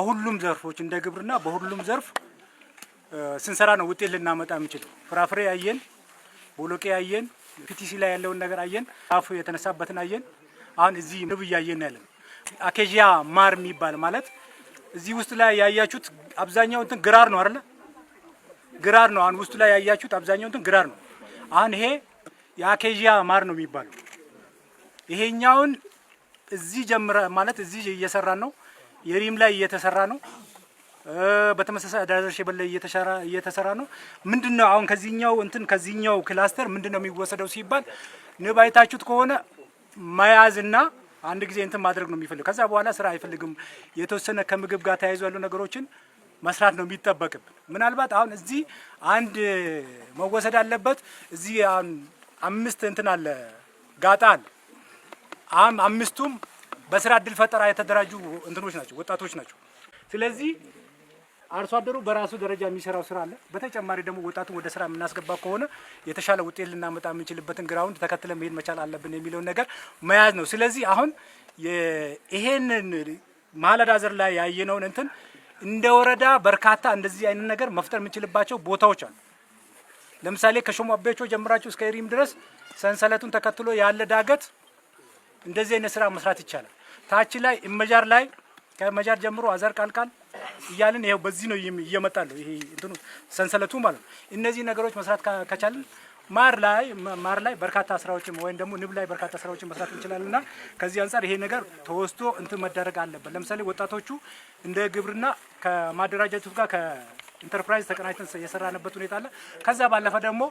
በሁሉም ዘርፎች እንደ ግብርና በሁሉም ዘርፍ ስንሰራ ነው ውጤት ልናመጣ የምንችለው። ፍራፍሬ አየን፣ ቦሎቄ አየን፣ ፒቲሲ ላይ ያለውን ነገር አየን፣ አፍ የተነሳበትን አየን። አሁን እዚህ ንብ እያየን ያለን አኬዥያ ማር የሚባል ማለት እዚህ ውስጥ ላይ ያያችሁት አብዛኛው እንትን ግራር ነው አይደለ? ግራር ነው። አሁን ውስጡ ላይ ያያችሁት አብዛኛው እንትን ግራር ነው። አሁን ይሄ የአኬዥያ ማር ነው የሚባለው። ይሄኛውን እዚህ ጀምረ ማለት እዚህ እየሰራን ነው የሪም ላይ እየተሰራ ነው። በተመሳሳይ ሼበል ላይ እየተሰራ ነው። ምንድን ነው አሁን ከዚህኛው እንትን ከዚህኛው ክላስተር ምንድን ነው የሚወሰደው ሲባል ንብ አይታችሁት ከሆነ መያዝና አንድ ጊዜ እንትን ማድረግ ነው የሚፈልግ። ከዛ በኋላ ስራ አይፈልግም። የተወሰነ ከምግብ ጋር ተያይዞ ያሉ ነገሮችን መስራት ነው የሚጠበቅብን። ምናልባት አሁን እዚህ አንድ መወሰድ አለበት። እዚህ አምስት እንትን አለ ጋጣ አለ አምስቱም በስራ እድል ፈጠራ የተደራጁ እንትኖች ናቸው፣ ወጣቶች ናቸው። ስለዚህ አርሶ አደሩ በራሱ ደረጃ የሚሰራው ስራ አለ። በተጨማሪ ደግሞ ወጣቱ ወደ ስራ የምናስገባ ከሆነ የተሻለ ውጤት ልናመጣ የምንችልበትን ግራውንድ ተከትለ መሄድ መቻል አለብን የሚለውን ነገር መያዝ ነው። ስለዚህ አሁን ይሄንን ማለዳ ዘር ላይ ያየነውን እንትን እንደ ወረዳ በርካታ እንደዚህ አይነት ነገር መፍጠር የምንችልባቸው ቦታዎች አሉ። ለምሳሌ ከሾሞ አቤቾ ጀምራችሁ እስከ ሪም ድረስ ሰንሰለቱን ተከትሎ ያለ ዳገት እንደዚህ አይነት ስራ መስራት ይቻላል። ታች ላይ እመጃር ላይ ከመጃር ጀምሮ አዘር ቃልቃል እያልን ይሄው በዚህ ነው እየመጣለሁ። ይሄ እንትኑ ሰንሰለቱ ማለት ነው። እነዚህ ነገሮች መስራት ከቻልን ማር ላይ ማር ላይ በርካታ ስራዎችን ወይም ደግሞ ንብ ላይ በርካታ ስራዎችን መስራት እንችላለንና ከዚህ አንጻር ይሄ ነገር ተወስቶ እንትን መደረግ አለበት። ለምሳሌ ወጣቶቹ እንደ ግብርና ከማደራጃቱ ጋር ከኢንተርፕራይዝ ተቀናጅተን የሰራንበት ሁኔታ አለ። ከዛ ባለፈ ደግሞ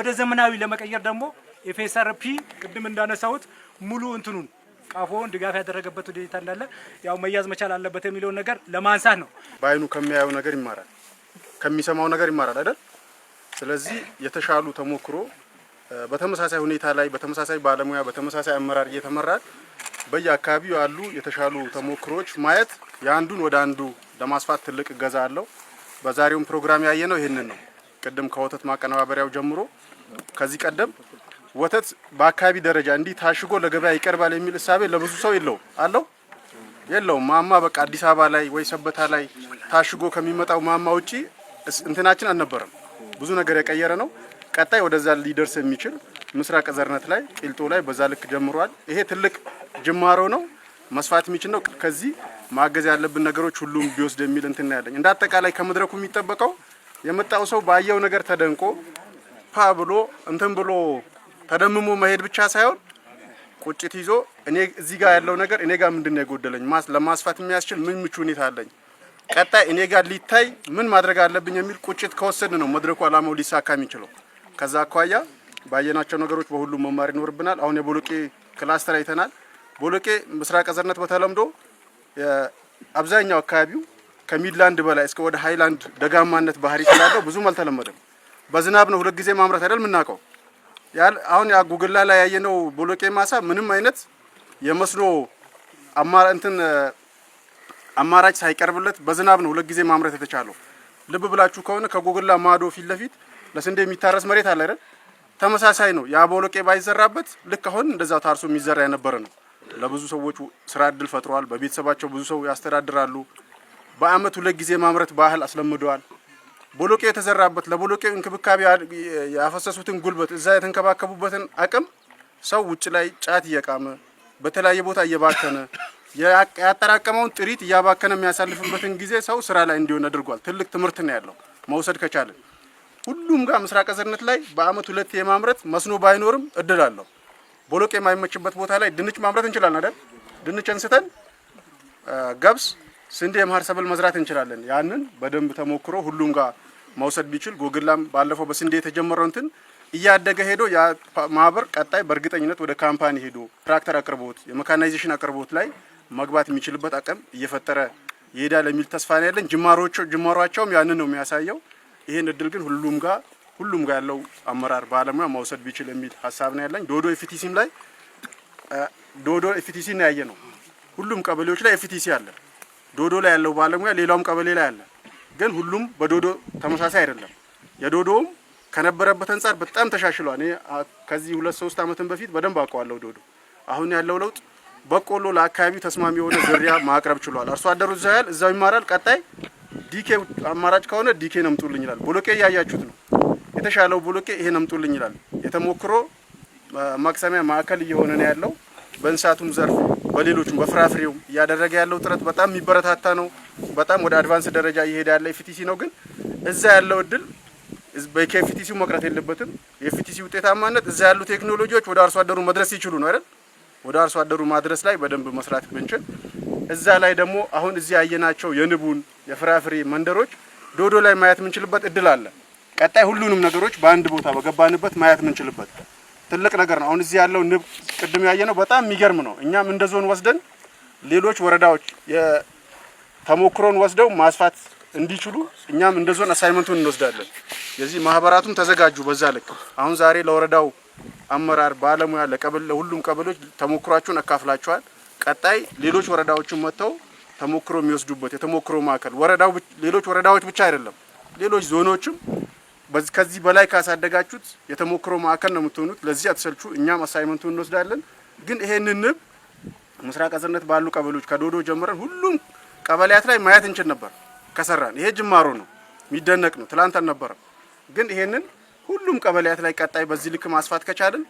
ወደ ዘመናዊ ለመቀየር ደግሞ ኤፍ ፒ ቅድም እንዳነሳሁት ሙሉ እንትኑን ቃፎውን ድጋፍ ያደረገበት ሁኔታ እንዳለ ያው መያዝ መቻል አለበት የሚለውን ነገር ለማንሳት ነው። በአይኑ ከሚያየው ነገር ይማራል፣ ከሚሰማው ነገር ይማራል አይደል? ስለዚህ የተሻሉ ተሞክሮ በተመሳሳይ ሁኔታ ላይ በተመሳሳይ ባለሙያ በተመሳሳይ አመራር እየተመራል በየአካባቢው ያሉ የተሻሉ ተሞክሮች ማየት የአንዱን ወደ አንዱ ለማስፋት ትልቅ እገዛ አለው። በዛሬውም ፕሮግራም ያየነው ይህንን ነው። ቅድም ከወተት ማቀነባበሪያው ጀምሮ ከዚህ ቀደም ወተት በአካባቢ ደረጃ እንዲህ ታሽጎ ለገበያ ይቀርባል የሚል እሳቤ ለብዙ ሰው የለውም። አለው የለውም። ማማ በቃ አዲስ አበባ ላይ ወይ ሰበታ ላይ ታሽጎ ከሚመጣው ማማ ውጪ እንትናችን አልነበረም። ብዙ ነገር የቀየረ ነው። ቀጣይ ወደዛ ሊደርስ የሚችል ምስራቅ ዘርነት ላይ ቂልጦ ላይ በዛ ልክ ጀምሯል። ይሄ ትልቅ ጅማሮ ነው፣ መስፋት የሚችል ነው። ከዚህ ማገዝ ያለብን ነገሮች ሁሉም ቢወስድ የሚል እንትና ያለኝ እንደ አጠቃላይ ከመድረኩ የሚጠበቀው የመጣው ሰው ባየው ነገር ተደንቆ ፓ ብሎ እንትን ብሎ ተደምሞ መሄድ ብቻ ሳይሆን ቁጭት ይዞ እኔ እዚህ ጋር ያለው ነገር እኔ ጋር ምንድን ነው የጎደለኝ፣ ለማስፋት የሚያስችል ምን ምቹ ሁኔታ አለኝ፣ ቀጣይ እኔ ጋር ሊታይ ምን ማድረግ አለብኝ የሚል ቁጭት ከወሰድ ነው መድረኩ አላማው ሊሳካ የሚችለው። ከዛ አኳያ ባየናቸው ነገሮች በሁሉም መማር ይኖርብናል። አሁን የቦሎቄ ክላስተር አይተናል። ቦሎቄ ምስራቅ ዘርነት በተለምዶ አብዛኛው አካባቢው ከሚድላንድ በላይ እስከ ወደ ሃይላንድ ደጋማነት ባህሪ ስላለው ብዙም አልተለመደም። በዝናብ ነው ሁለት ጊዜ ማምረት አይደል የምናውቀው አሁን ያ ጉግላ ላይ ያየነው ቦሎቄ ማሳ ምንም አይነት የመስኖ አማራ እንትን አማራጭ ሳይቀርብለት በዝናብ ነው ሁለት ጊዜ ማምረት የተቻለው። ልብ ብላችሁ ከሆነ ከጉግላ ማዶ ፊት ለፊት ለስንዴ የሚታረስ መሬት አለ አይደል? ተመሳሳይ ነው። ያ ቦሎቄ ባይዘራበት ልክ አሁን እንደዛ ታርሶ የሚዘራ የነበረ ነው። ለብዙ ሰዎች ስራ እድል ፈጥሯል በቤተሰባቸው ብዙ ሰው ያስተዳድራሉ። በአመት ሁለት ጊዜ ማምረት ባህል አስለምደዋል። ቦሎቄ የተዘራበት ለቦሎቄ እንክብካቤ ያፈሰሱትን ጉልበት እዛ የተንከባከቡበትን አቅም ሰው ውጭ ላይ ጫት እየቃመ በተለያየ ቦታ እየባከነ ያጠራቀመውን ጥሪት እያባከነ የሚያሳልፍበትን ጊዜ ሰው ስራ ላይ እንዲሆን አድርጓል። ትልቅ ትምህርት ነው ያለው መውሰድ ከቻለን ሁሉም ጋር ምስራቅ አዘርነት ላይ በአመት ሁለት የማምረት መስኖ ባይኖርም እድል አለው። ቦሎቄ የማይመችበት ቦታ ላይ ድንች ማምረት እንችላለን አይደል? ድንች እንስተን ገብስ፣ ስንዴ፣ የመኸር ሰብል መዝራት እንችላለን። ያንን በደንብ ተሞክሮ ሁሉም ጋር መውሰድ ቢችል ጎግላም ባለፈው በስንዴ የተጀመረው እንትን እያደገ ሄዶ ያ ማህበር ቀጣይ በእርግጠኝነት ወደ ካምፓኒ ሄዶ ትራክተር አቅርቦት የመካናይዜሽን አቅርቦት ላይ መግባት የሚችልበት አቅም እየፈጠረ ይሄዳል የሚል ተስፋ ነው ያለን። ጅማሮቹ ጅማሯቸውም ያንን ነው የሚያሳየው። ይሄን እድል ግን ሁሉም ጋር ሁሉም ጋር ያለው አመራር ባለሙያ መውሰድ ቢችል የሚል ሀሳብ ነው ያለኝ። ዶዶ ኤፍቲሲም ላይ ዶዶ ኤፍቲሲ ነው ያየ ነው። ሁሉም ቀበሌዎች ላይ ኤፍቲሲ አለ። ዶዶ ላይ ያለው ባለሙያ ሌላውም ቀበሌ ላይ አለ። ግን ሁሉም በዶዶ ተመሳሳይ አይደለም። የዶዶውም ከነበረበት አንጻር በጣም ተሻሽሏል። እኔ ከዚህ ሁለት ሶስት ዓመትን በፊት በደንብ አውቀዋለሁ ዶዶ። አሁን ያለው ለውጥ በቆሎ ለአካባቢው ተስማሚ የሆነ ዝርያ ማቅረብ ችሏል። አርሶ አደሩ እዛ ያህል እዛው ይማራል። ቀጣይ ዲኬ አማራጭ ከሆነ ዲኬ ነምጡልኝ ይላል። ቦሎቄ እያያችሁት ነው። የተሻለው ቦሎቄ ይሄ ነምጡልኝ ይላል። የተሞክሮ ማክሰሚያ ማዕከል እየሆነ ነው ያለው በእንስሳቱም ዘርፍ በሌሎችም በፍራፍሬውም እያደረገ ያለው ጥረት በጣም የሚበረታታ ነው። በጣም ወደ አድቫንስ ደረጃ እየሄደ ያለ ኤፍቲሲ ነው። ግን እዛ ያለው እድል ከኤፍቲሲው መቅረት የለበትም። የኤፍቲሲ ውጤታማነት እዛ ያሉ ቴክኖሎጂዎች ወደ አርሶ አደሩ መድረስ ይችሉ ነው አይደል? ወደ አርሶ አደሩ ማድረስ ላይ በደንብ መስራት ብንችል እዛ ላይ ደግሞ አሁን እዚህ ያየናቸው የንቡን የፍራፍሬ መንደሮች ዶዶ ላይ ማየት የምንችልበት እድል አለ። ቀጣይ ሁሉንም ነገሮች በአንድ ቦታ በገባንበት ማየት የምንችልበት ትልቅ ነገር ነው። አሁን እዚህ ያለው ንብ ቅድም ያየ ነው፣ በጣም የሚገርም ነው። እኛም እንደ ዞን ወስደን ሌሎች ወረዳዎች ተሞክሮን ወስደው ማስፋት እንዲችሉ እኛም እንደ ዞን አሳይመንቱን እንወስዳለን። የዚህ ማህበራቱም ተዘጋጁ በዛ ልክ። አሁን ዛሬ ለወረዳው አመራር ባለሙያ ለቀበሌ ሁሉም ቀበሎች ተሞክሯችሁን አካፍላቸዋል። ቀጣይ ሌሎች ወረዳዎችን መጥተው ተሞክሮ የሚወስዱበት የተሞክሮ ማዕከል ወረዳው ሌሎች ወረዳዎች ብቻ አይደለም ሌሎች ዞኖችም ከዚህ በላይ ካሳደጋችሁት የተሞክሮ ማዕከል ነው የምትሆኑት። ለዚህ አትሰልቹ። እኛም አሳይመንቱ እንወስዳለን። ግን ይሄንን ንብ ምስራቅ አዘርነት ባሉ ቀበሌዎች ከዶዶ ጀምረን ሁሉም ቀበሌያት ላይ ማየት እንችል ነበር ከሰራን። ይሄ ጅማሮ ነው፣ የሚደነቅ ነው። ትላንት አልነበረም። ግን ይሄንን ሁሉም ቀበሌያት ላይ ቀጣይ በዚህ ልክ ማስፋት ከቻልን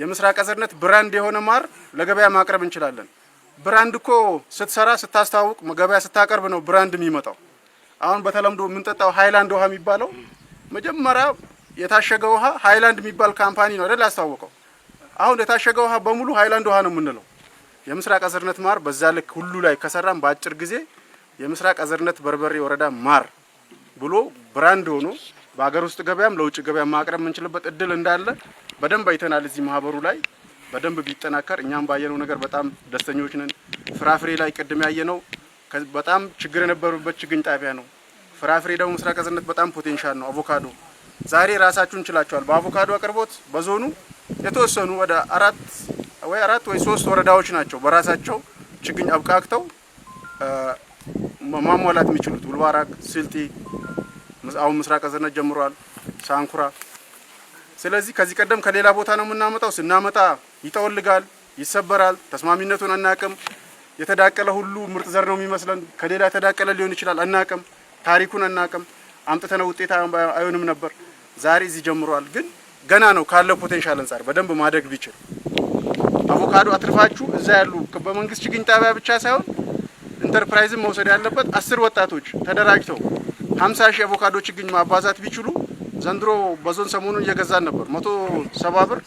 የምስራቅ አዘርነት ብራንድ የሆነ ማር ለገበያ ማቅረብ እንችላለን። ብራንድ እኮ ስትሰራ ስታስተዋውቅ፣ ገበያ ስታቀርብ ነው ብራንድ የሚመጣው። አሁን በተለምዶ የምንጠጣው ሃይላንድ ውሃ የሚባለው መጀመሪያ የታሸገ ውሃ ሀይላንድ የሚባል ካምፓኒ ነው አይደል ያስታወቀው። አሁን የታሸገ ውሃ በሙሉ ሀይላንድ ውሃ ነው የምንለው። የምስራቅ አዘርነት ማር በዛ ልክ ሁሉ ላይ ከሰራም በአጭር ጊዜ የምስራቅ አዘርነት በርበሬ ወረዳ ማር ብሎ ብራንድ ሆኖ በሀገር ውስጥ ገበያም ለውጭ ገበያ ማቅረብ የምንችልበት እድል እንዳለ በደንብ አይተናል። እዚህ ማህበሩ ላይ በደንብ ቢጠናከር እኛም ባየነው ነገር በጣም ደስተኞች ነን። ፍራፍሬ ላይ ቅድም ያየነው በጣም ችግር የነበረበት ችግኝ ጣቢያ ነው። ፍራፍሬ ደግሞ ምስራቅ እዝነት በጣም ፖቴንሻል ነው። አቮካዶ ዛሬ ራሳችሁን እንችላቸዋል። በአቮካዶ አቅርቦት በዞኑ የተወሰኑ ወደ አራት ወይ አራት ወይ ሶስት ወረዳዎች ናቸው በራሳቸው ችግኝ አብቃክተው ማሟላት የሚችሉት ውልባራክ፣ ስልጤ፣ አሁን ምስራቅ እዝነት ጀምሯል፣ ሳንኩራ። ስለዚህ ከዚህ ቀደም ከሌላ ቦታ ነው የምናመጣው። ስናመጣ ይጠወልጋል፣ ይሰበራል፣ ተስማሚነቱን አናቅም። የተዳቀለ ሁሉ ምርጥ ዘር ነው የሚመስለን። ከሌላ የተዳቀለ ሊሆን ይችላል፣ አናቅም። ታሪኩን አናቅም። አምጥተነ ውጤት አይሆንም ነበር። ዛሬ እዚህ ጀምሯል፣ ግን ገና ነው። ካለው ፖቴንሻል አንጻር በደንብ ማደግ ቢችል አቮካዶ አትርፋችሁ እዛ ያሉ በመንግስት ችግኝ ጣቢያ ብቻ ሳይሆን ኢንተርፕራይዝን መውሰድ ያለበት አስር ወጣቶች ተደራጅተው ሀምሳ ሺህ አቮካዶ ችግኝ ማባዛት ቢችሉ ዘንድሮ በዞን ሰሞኑን እየገዛን ነበር። መቶ ሰባ ብር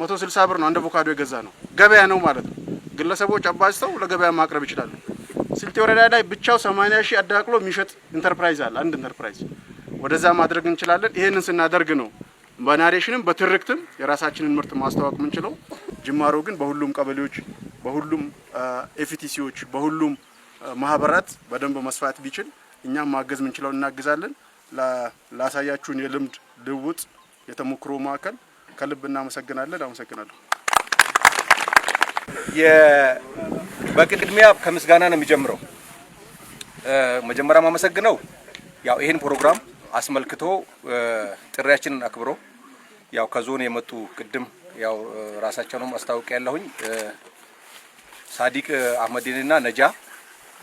መቶ ስልሳ ብር ነው አንድ አቮካዶ የገዛ ነው። ገበያ ነው ማለት ነው። ግለሰቦች አባዝተው ለገበያ ማቅረብ ይችላሉ። ስልጤ ወረዳ ላይ ብቻው 80 ሺህ አዳቅሎ የሚሸጥ ኢንተርፕራይዝ አለ። አንድ ኢንተርፕራይዝ ወደዛ ማድረግ እንችላለን። ይሄንን ስናደርግ ነው በናሬሽንም በትርክትም የራሳችንን ምርት ማስተዋወቅ የምንችለው። ጅማሮ ግን በሁሉም ቀበሌዎች፣ በሁሉም ኤፍቲሲዎች፣ በሁሉም ማህበራት በደንብ መስፋት ቢችል እኛም ማገዝ የምንችለው እናግዛለን። ላሳያችሁን የልምድ ልውጥ የተሞክሮ ማዕከል ከልብ እናመሰግናለን። አመሰግናለሁ። በቅድሚያ ከምስጋና ነው የሚጀምረው። መጀመሪያ ማመሰግነው ያው ይህን ፕሮግራም አስመልክቶ ጥሪያችንን አክብሮ ያው ከዞን የመጡ ቅድም ያው ራሳቸውንም አስታውቅ ያለሁኝ ሳዲቅ አህመዲንና ነጃ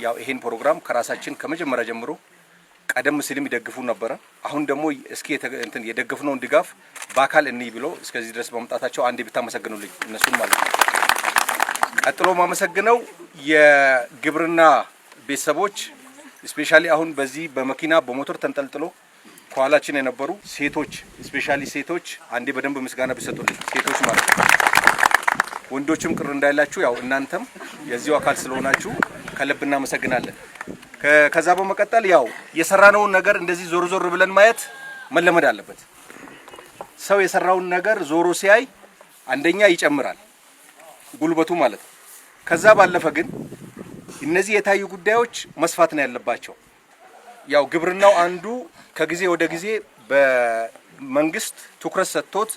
ያው ይሄን ፕሮግራም ከራሳችን ከመጀመሪያ ጀምሮ ቀደም ሲልም ይደግፉ ነበረ። አሁን ደግሞ እስኪ እንትን የደገፍነውን ድጋፍ በአካል እንይ ብሎ እስከዚህ ድረስ በመምጣታቸው አንድ ብታመሰግኑልኝ እነሱም ማለት ነው። ቀጥሎ ማመሰግነው የግብርና ቤተሰቦች ስፔሻሊ አሁን በዚህ በመኪና በሞተር ተንጠልጥሎ ከኋላችን የነበሩ ሴቶች ስፔሻሊ ሴቶች አንዴ በደንብ ምስጋና ቢሰጡልኝ ሴቶች ማለት ነው። ወንዶችም ቅር እንዳይላችሁ ያው እናንተም የዚሁ አካል ስለሆናችሁ ከልብ እናመሰግናለን። ከዛ በመቀጠል ያው የሰራነውን ነገር እንደዚህ ዞር ዞር ብለን ማየት መለመድ አለበት። ሰው የሰራውን ነገር ዞሮ ሲያይ አንደኛ ይጨምራል ጉልበቱ ማለት ነው። ከዛ ባለፈ ግን እነዚህ የታዩ ጉዳዮች መስፋት ነው ያለባቸው። ያው ግብርናው አንዱ ከጊዜ ወደ ጊዜ በመንግስት ትኩረት ሰጥቶት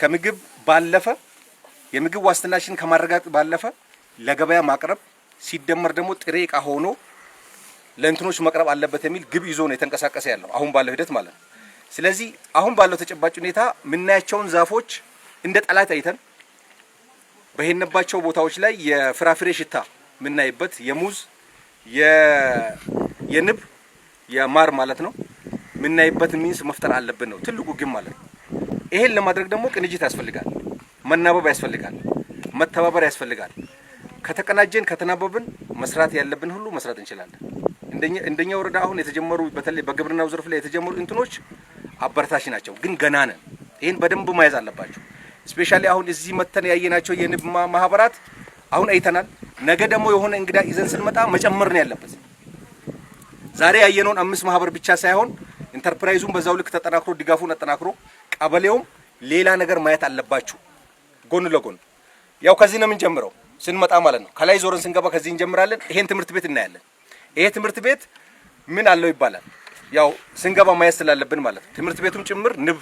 ከምግብ ባለፈ የምግብ ዋስትናችን ከማረጋገጥ ባለፈ ለገበያ ማቅረብ ሲደመር ደግሞ ጥሬ እቃ ሆኖ ለእንትኖች መቅረብ አለበት የሚል ግብ ይዞ ነው የተንቀሳቀሰ ያለው አሁን ባለው ሂደት ማለት ነው። ስለዚህ አሁን ባለው ተጨባጭ ሁኔታ የምናያቸውን ዛፎች እንደ ጠላት አይተን በሄነባቸው ቦታዎች ላይ የፍራፍሬ ሽታ የምናይበት የሙዝ የንብ የማር ማለት ነው የምናይበት ሚንስ መፍጠር አለብን ነው ትልቁ ግን ማለት ነው። ይሄን ለማድረግ ደግሞ ቅንጅት ያስፈልጋል፣ መናበብ ያስፈልጋል፣ መተባበር ያስፈልጋል። ከተቀናጀን ከተናበብን መስራት ያለብን ሁሉ መስራት እንችላለን። እንደኛ ወረዳ አሁን የተጀመሩ በተለይ በግብርናው ዘርፍ ላይ የተጀመሩ እንትኖች አበረታች ናቸው፣ ግን ገና ነን። ይህን በደንብ መያዝ አለባቸው። ስፔሻሊ አሁን እዚህ መተን ያየናቸው የንብ ማህበራት አሁን አይተናል። ነገ ደግሞ የሆነ እንግዳ ይዘን ስንመጣ መጨመር ነው ያለበት። ዛሬ ያየነውን አምስት ማህበር ብቻ ሳይሆን ኢንተርፕራይዙን በዛው ልክ ተጠናክሮ ድጋፉን አጠናክሮ ቀበሌውም ሌላ ነገር ማየት አለባችሁ። ጎን ለጎን ያው ከዚህ ነው የምንጀምረው ስንመጣ ማለት ነው። ከላይ ዞረን ስንገባ ከዚህ እንጀምራለን። ይሄን ትምህርት ቤት እናያለን። ይሄ ትምህርት ቤት ምን አለው ይባላል። ያው ስንገባ ማየት ስላለብን ማለት ነው። ትምህርት ቤቱም ጭምር ንብ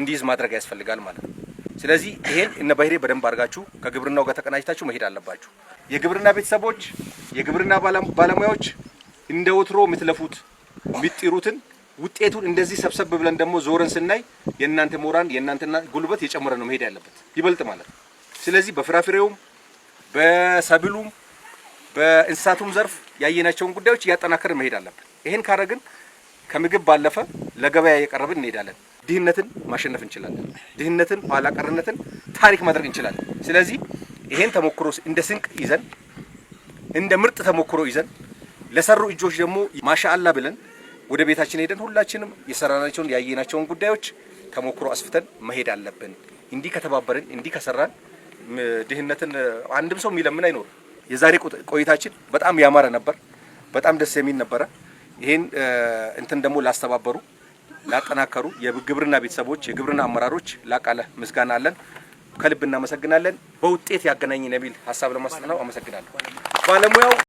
እንዲይዝ ማድረግ ያስፈልጋል ማለት ነው። ስለዚህ ይሄን እነ ባህሬ በደንብ አድርጋችሁ ከግብርናው ጋር ተቀናጅታችሁ መሄድ አለባችሁ። የግብርና ቤተሰቦች፣ የግብርና ባለሙያዎች እንደ ወትሮ የምትለፉት የሚጢሩትን ውጤቱን እንደዚህ ሰብሰብ ብለን ደግሞ ዞረን ስናይ የእናንተ ሞራን የእናንተና ጉልበት የጨመረ ነው መሄድ ያለበት ይበልጥ ማለት ነው። ስለዚህ በፍራፍሬውም በሰብሉም በእንስሳቱም ዘርፍ ያየናቸውን ጉዳዮች እያጠናከርን መሄድ አለብን። ይህን ካረግን ከምግብ ባለፈ ለገበያ እየቀረብን እንሄዳለን። ድህነትን ማሸነፍ እንችላለን። ድህነትን፣ ኋላቀርነትን ታሪክ ማድረግ እንችላለን። ስለዚህ ይሄን ተሞክሮ እንደ ስንቅ ይዘን እንደ ምርጥ ተሞክሮ ይዘን ለሰሩ እጆች ደግሞ ማሻአላ ብለን ወደ ቤታችን ሄደን ሁላችንም የሰራናቸውን ያየናቸውን ጉዳዮች ተሞክሮ አስፍተን መሄድ አለብን። እንዲህ ከተባበርን፣ እንዲህ ከሰራን ድህነትን አንድም ሰው የሚለምን አይኖርም። የዛሬ ቆይታችን በጣም ያማረ ነበር። በጣም ደስ የሚል ነበረ። ይህን እንትን ደግሞ ላስተባበሩ ላጠናከሩ የግብርና ቤተሰቦች የግብርና አመራሮች ላቃለ ምስጋና አለን። ከልብ እናመሰግናለን። በውጤት ያገናኝ የሚል ሀሳብ ነው። አመሰግናለሁ ባለሙያው